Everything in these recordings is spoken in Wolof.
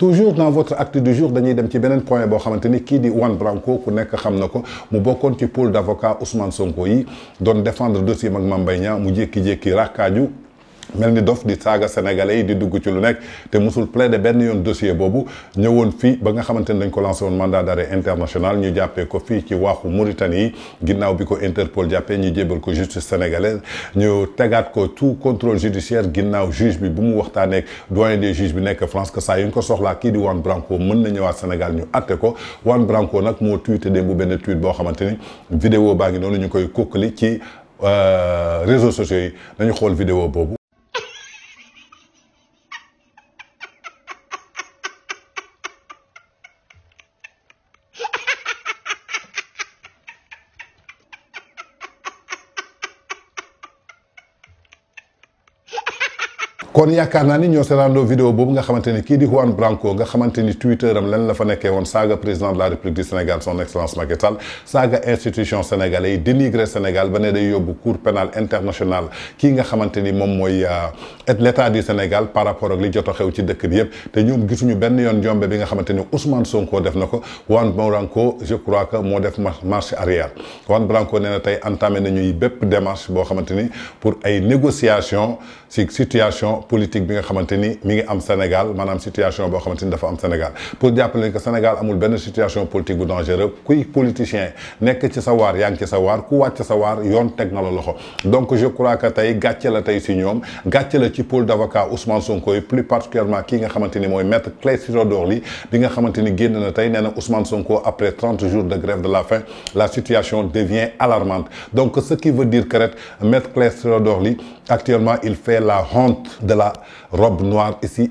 toujours dans votre acte du jour dañuy dem ci benen point bo xamanteni ki di Juan Branco ku nek xamnako mu bokkoon ci pôle d'avocat Ousmane Sonko yi don défendre dossier mak Mame Mbaye mu mel ni dof di saga sénégalais yi di dugg ci lu nekk te musul plein de benn yoon dossier boobu ñëwoon fii ba nga xamante ne dañ ko lancé woon mandat d'arrêt international ñu jàppee ko fii ci waxu Mauritanie yi ginnaaw bi ko Interpol jàppee ñu jébal ko justice sénégalaise ñu tegaat ko tout contrôle judiciaire ginnaaw juge bi bu mu waxtaaneeg doyen des juges bi nekk France que ça yu ko soxlaa kii di Juan Branco mën na ñëwaat Sénégal ñu atte ko Juan Branco nag moo tweeté démb benn tweet boo xamante ni vidéo baa ngi noonu ñu koy kokkali ci euh, réseaux sociaux yi nañu xool vidéo boobu kon yaakaar ni ñoo seeraandoo vidéo boobu nga xamante ni kii di Juan Branco nga xamante ni Twitter am lan la fa nekkee woon saaga président de la République du Sénégal son excellence Macky Sall saaga institution sénégalais yi dénigré Sénégal ba ne day yóbbu cour pénal international kii nga xamante ni moom mooy euh, l'état du Sénégal par rapport ak li jot xew ci dëkk bi yëpp te ñoom gisuñu benn yoon jombe bi nga xamante ni Ousmane Sonko def na ko Juan Branco je crois que moo def marche arrière Juan Branco nee na tey entamé nañuy bépp démarche boo xamante ni pour ay négociation si situation pour politique bi nga xamante mi am Sénégal situation boo xamante dafa am Sénégal pour jàppale que Sénégal amul benn situation politique bu dangereux kuy politicien n'est que sa waar yaa ngi ci sa savoir, ku wàcc sa waar yoon technologie donc je crois que tey gatchela la tey si ñoom gàcce la ci pôle Ousmane Sonko et plus particulièrement qui nga xamante ni maître Clé Sirodor li bi nga xamante ni na Ousmane Sonko après 30 jours de grève de la faim la situation devient alarmante donc ce qui veut dire que mettre maître Clé actuellement il fait la honte de la robe noire ici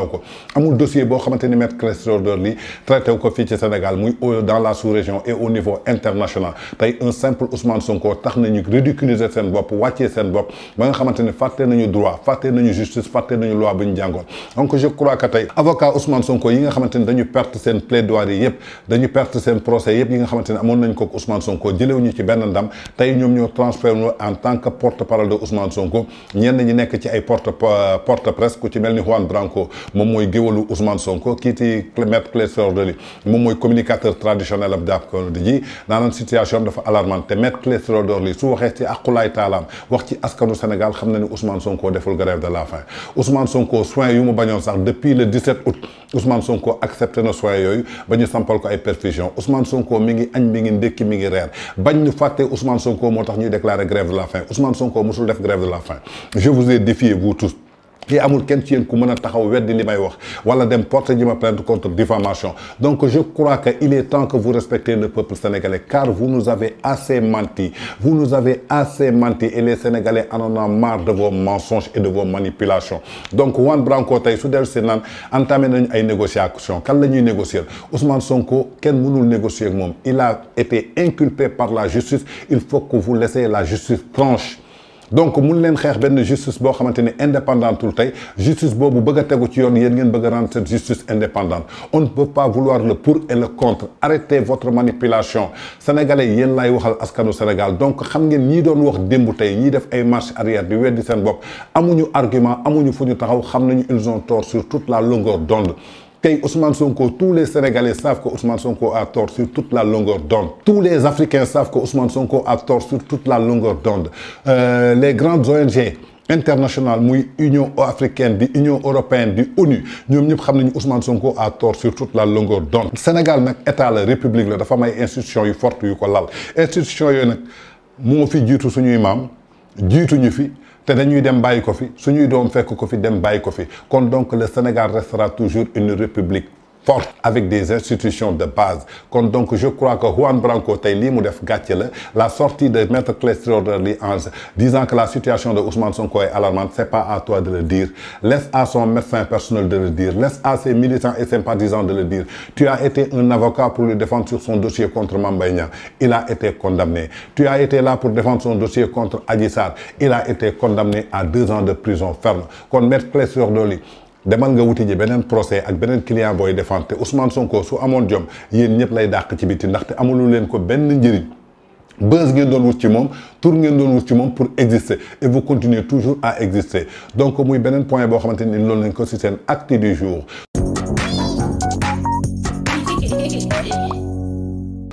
law amul dossier boo xamante mettre maître Clédor Ciré Ly traité wu ko fii ci Sénégal muy dans la sous-région et au niveau international tey un simple Ousmane Sonko tax nañu ridiculiser seen bopp wàccee seen bopp ba nga xamante ni fàtte nañu droit fàtte nañu justice fàtte nañu loi bu ñu jàngoon donc je crois que tey avocat Ousmane Sonko yi nga xamante ni dañu perte seen plaidoirie yëpp dañu perte seen procès yëpp yi nga xamante ni amoon nañ ko Ousmane Sonko jëlewuñu ci benn ndam tey ñoom ñoo transformé en tant que porte-parole de Ousmane Sonko ñenn ñi nekk ci ay porte euh, presse ku ci mel Juan Branco moom mooy géwalu Ousmane Sonko qui était le maître de lui moom moi communicateur traditionnel ab daab ko di ji situation dafa alarmante te maître Clédor Ly su waxee ci aqulaay taalaam wax ci askanu Sénégal xam na Ousmane Sonko deful grève de la faim Ousmane Sonko soins yu mu depuis le 17 août Ousmane Sonko accepté na soins yooyu ba ñu sampal ko ay perfusion Ousmane Sonko mi ngi mingi mi ngi ndékki mi ngi Ousmane Sonko montagne déclare grève de la faim Ousmane Sonko musul def grève de la faim je vous ai défié vous tous des gens qui ci yéen ku de taxaw weddi li wax wala dem porter plainte contre diffamation donc je crois qu'il est temps que vous respectez le peuple sénégalais car vous nous avez assez menti vous nous avez assez menti et les sénégalais en ont marre de vos mensonges et de vos manipulations donc Juan Branco tey su entamé une ay négociations kan négocier Ousmane Sonko kenn mënul négocier ak il a été inculpé par la justice il faut que vous laissiez la justice tranche donc mun leen xex ben justice bo xamanteni ne tout tay justice bobu bëgg a ci yoon yeen ngeen bëgg a rendre cette justice indépendante on ne peut pas vouloir le pour et le contre arrêtez votre manipulation sénégalais yeen lay waxal askanu Sénégal donc xam ngeen ñi doon wax dembu tay ñi def ay marche arrière di weddi seen bopp amuñu argument amuñu fuñu taxaw xam nañu ils ont tort sur toute la longueur d'onde Ousmane Sonko tous les Sénégalais savent que Ousmane Sonko a tort sur toute la longueur d'onde tous les Africains savent que Ousmane Sonko a tort sur toute la longueur d'onde euh, les grandes ONG internationales l'Union africaine l'Union Union européenne l'ONU, ONU avons ñëpp xam Ousmane Sonko a tort sur toute la longueur d'onde Sénégal un état la république la dafa a institution institutions yu forte yu ko lal institutions yooyu nag moo fi jiitu suñuy maam jiitu ñu fi. Ce dañuy dem bayiko bail fi suñuy doom fekk ko fi dem bayiko fi kon donc le Sénégal restera toujours une république forte avec des institutions de base donc je crois que Juan Branco tayli Moudef la sortie de maître Clédor de disant que la situation de Ousmane Sonko est alarmante c'est pas à toi de le dire laisse à son médecin personnel de le dire laisse à ses militants et sympathisants de le dire tu as été un avocat pour le défendre sur son dossier contre Mame il a été condamné tu as été là pour défendre son dossier contre Adji il a été condamné à deux ans de prison ferme Contre maître de demal nga wuti ji benen procès ak benen client booy défendre Ousmane Sonko su amone jom yeen ñëpp lay dakk ci biti ndaxte amulu leen ko benn njëriñ buzz ngeen doon wut ci mom tour ngeen doon wut ci mom pour exister et vous continuez toujours à exister donc muy benen point bo xamanteni loolu lañ ko ci sen acte du jour.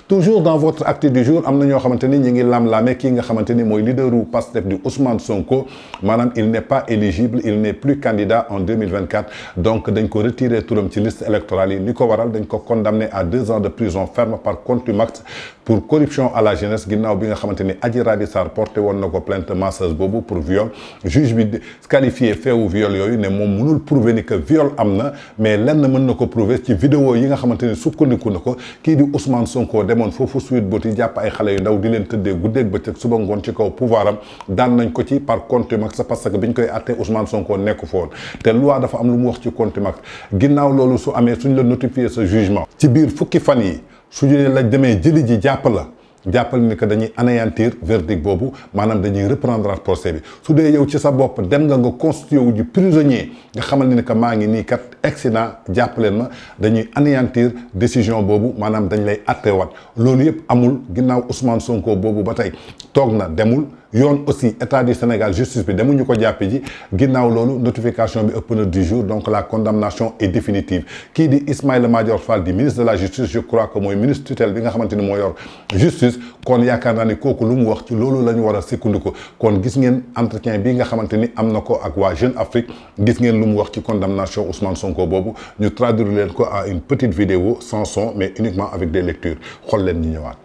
toujours dans votre acte du jour am na ñoo xamante ñi ngi lam-laame nga leader du Pastef Ousmane Sonko Madame, il n'est pas éligible il n'est plus candidat en 2024 donc dañ ko retirer le ci liste électorale Nous, li ko waral dañ ko condamné à deux ans de prison ferme par max pour corruption à la jeunesse ginnaaw bi nga xamante ni Adji Raby porté woon plainte masseuse bobo pour viol juge bi qualifié feewu viol yooyu ne moom mënul prouver ni que viol amna, mais lenn n'est pas ko prouver ci vidéo yi nga vidéo qui sukkandiku na ko di Ousmane Sonko demoon fofu suite boti japp ay xalé yu ndaw di len leen goudé ak bëccëg suba ngoon ci kaw pouvoiram dan nañ ko ci par contumace parce que biñ koy àttee Ousmane Sonko nekk foon té loi dafa am lu mu wax ci mak ginnaw lolu su amé suñ la notifier ce jugement ci bir fukki fan yi suñu la démé jëli ji jàpp la jàppale ni que dañuy anéantir verdict boobu maanaam dañuy reprendre at procès bi su dee yow ci sa bopp dem nga nga constitué wu ji prisonnier nga xamal ni que maa ngi nii kat accident jàppaleen ma dañuy anéantir décision boobu maanaam dañ lay attewaat loolu yëpp amul ginnaaw Ousmane Sonko boobu ba tey toog na demul. Yon aussi état du Sénégal justice bi demuñu ko jappé ji ginnaw lolu notification bi ëpp na du jour donc la condamnation est définitive Qui di Ismaël Madior Fall di ministre de la justice je crois que moy ministre tutelle bi nga xamanteni mo yor justice kon yaakaar naa ni kooku lu mu wax ci lolu lañu ñu war a kon gis ngeen entretien bi nga xamanteni ni am na ko ak wa Jeune Afrique gis ngeen lu mu wax ci condamnation Ousmane Sonko bobu ñu traduire leen ko à une petite vidéo sans son mais uniquement avec des lectures xol leen ñu ñëwaat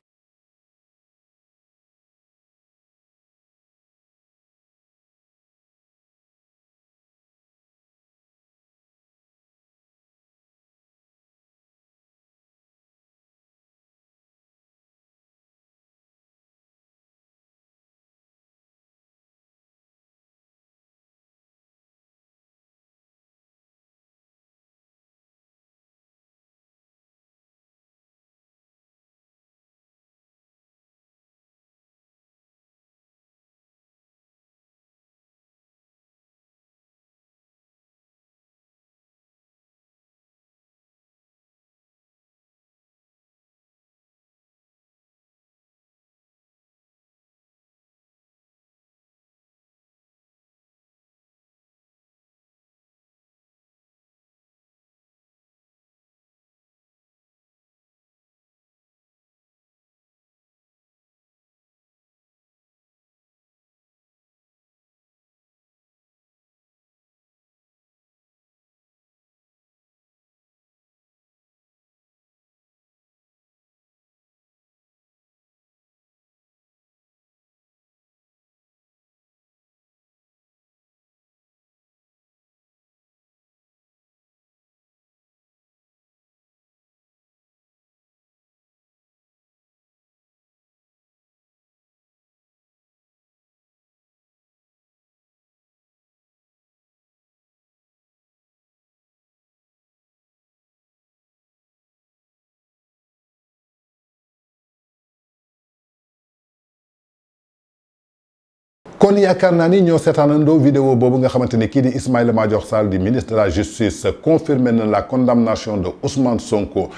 kon c'est un ni ñoo vidéo bobu nga xamanteni ki di ministre de la justice confirmé la condamnation de Ousmane Sonko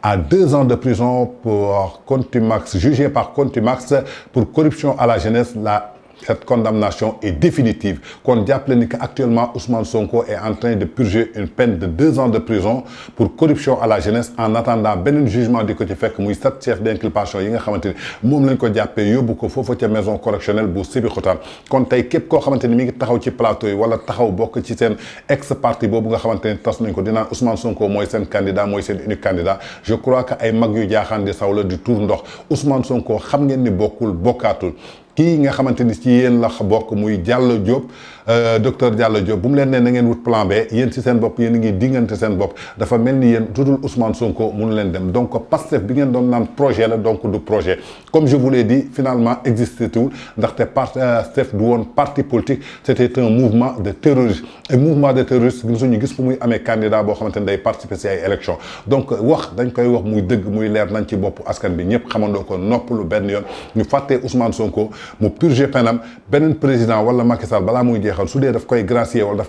à deux ans de prison pour Contumax jugé par Contumax pour corruption à la jeunesse cette condamnation est définitive. Qu'on que actuellement Ousmane Sonko est en train de purger une peine de deux ans de prison pour corruption à la jeunesse en attendant benn jugement du côté ci fekk muy sept chefs d'inculpation yi nga xamante ni moom lañ ko jàppee yóbbu ko foofu ca maison correctionnelle bu Sébikotane kon tey képp koo xamante ni mi ngi taxaw ci plateau yi wala taxaw bokk ci seen ex parti boobu nga xamante ni tas nañ ko dinaan Ousmane Sonko mooy seen candidat mooy seen unique candidat je crois que ay mag yu jaaxaan di saw la di tuur ndox Ousmane Sonko xam ngeen ni bokkul bokkaatul kii nga xamante ni ci yéen la bokk muy jàll Diop Euh, docteur Diallo Diop bu mu leen ne na ngeen wut plan B yeen ci seen bopp yéen ngi dingante seen bopp dafa mel ni yéen tudul Ousmane Sonko mënu leen dem donc Pastef bi ngeen doon naan projet la donc du projet comme je vous l'ai dit finalement existé tuwul ndaxte Pastef du woon parti politique c'était un mouvement de terroristes et mouvement de terroristes suñu gis fu muy amee candidat boo xamante ne day participer si ay élections donc wax dañ koy wax muy dëgg muy leer nañ ci bopp askan bi ñëpp xamandoo ko noppalu benn yoon ñu fàttee Ousmane Sonko mu purger penam beneen président wala Macky Sall balaa muy jeex neexal su dee daf koy gracier wala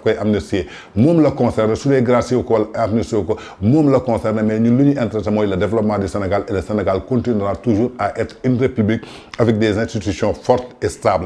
mais le développement du Sénégal et le Sénégal continuera toujours à être une république avec des institutions fortes et stables